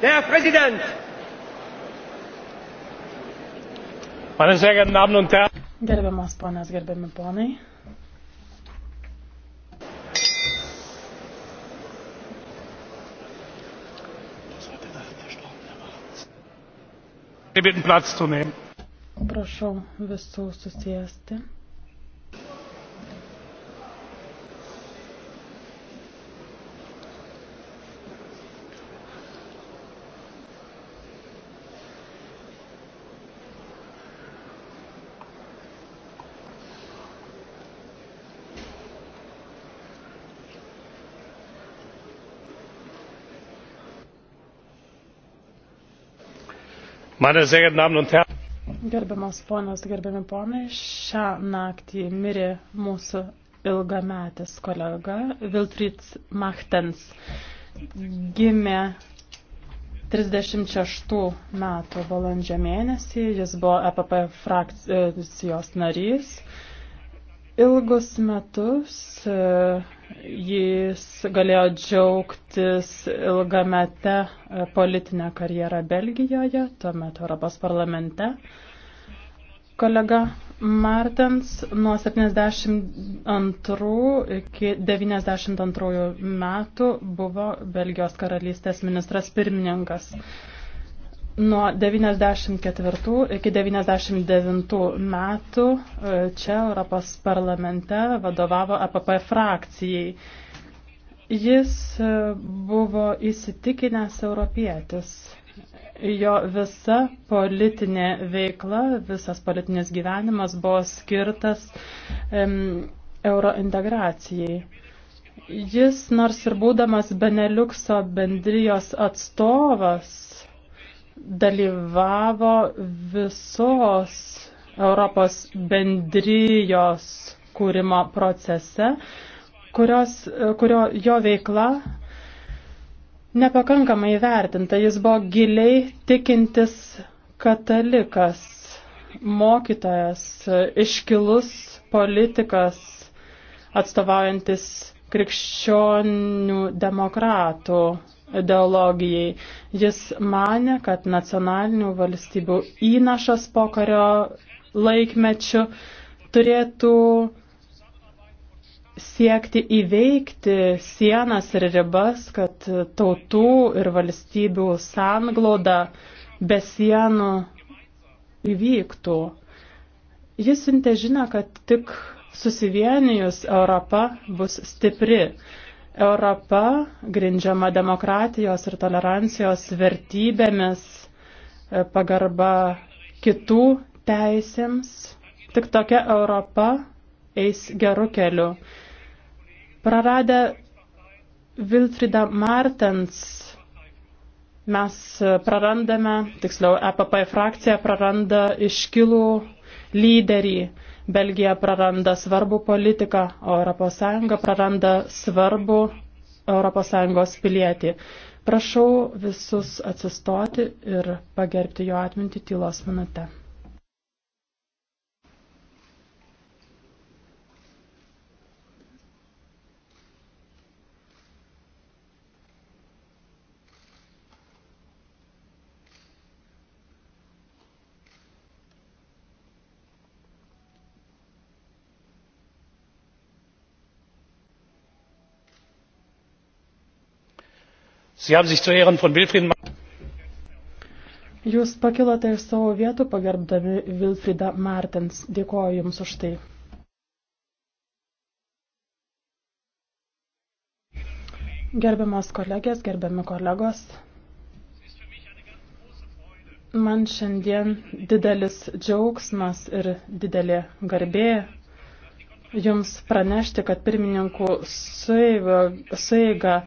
Der Präsident! Meine sehr geehrten Damen und Herren! Gerbiamas ponas, gerbiami ponai. Sie bitten Platz zu nehmen. Prašau visų susijęsti. Meine sehr geehrten Damen und Herren, Gerbiamas ponas, gerbiami ponai, šią naktį mirė mūsų ilgametis kolega Vilfrids Machtens. Gimė 36 metų balandžio mėnesį, jis buvo EPP frakcijos e, narys. Ilgus metus e, jis galėjo džiaugtis ilgamete e, politinę karjerą Belgijoje, tuomet Europos parlamente. Kolega Martens nuo 72 iki 92 metų buvo Belgijos karalystės ministras pirmininkas. Nuo 94 iki 99 metų e, čia Europos parlamente vadovavo APP e frakcijai. Jis e, buvo įsitikinęs europietis. Jo visa politinė veikla, visas politinės gyvenimas buvo skirtas um, eurointegracijai. Jis, nors ir būdamas Beneliukso bendrijos atstovas, dalyvavo visos Europos bendrijos kūrimo procese, kurios, kurio jo veikla nepakankamai vertinta. Jis buvo giliai tikintis katalikas, mokytojas, iškilus politikas, atstovaujantis krikščionių demokratų ideologijai. Jis mane, kad nacionalinių valstybių įnašas pokario laikmečių turėtų siekti įveikti sienas ir ribas, kad tautų ir valstybių sanglauda be sienų įvyktų. Jis siuntė žinę, kad tik susivienijus Europa bus stipri. Europa grindžiama demokratijos ir tolerancijos vertybėmis, e, pagarba kitų teisėms. Tik tokia Europa eis geru keliu. Praradę Vilfrida Martens mes prarandame, tiksliau EPP frakcija praranda iškilų lyderį. Belgija praranda svarbų politiką, o ES praranda svarbų ES pilietį. Prašau visus atsistoti ir pagerbti jo atmintį tylos minutę. Sie haben sich zu Ehren von Wilfried Mann. Jūs pakilote iš savo vietų pagerbdami Vilfrida Martens. Dėkuoju Jums už tai. Gerbiamas kolegės, gerbiami kolegos, man šiandien didelis džiaugsmas ir didelė garbė Jums pranešti, kad pirmininkų sueiga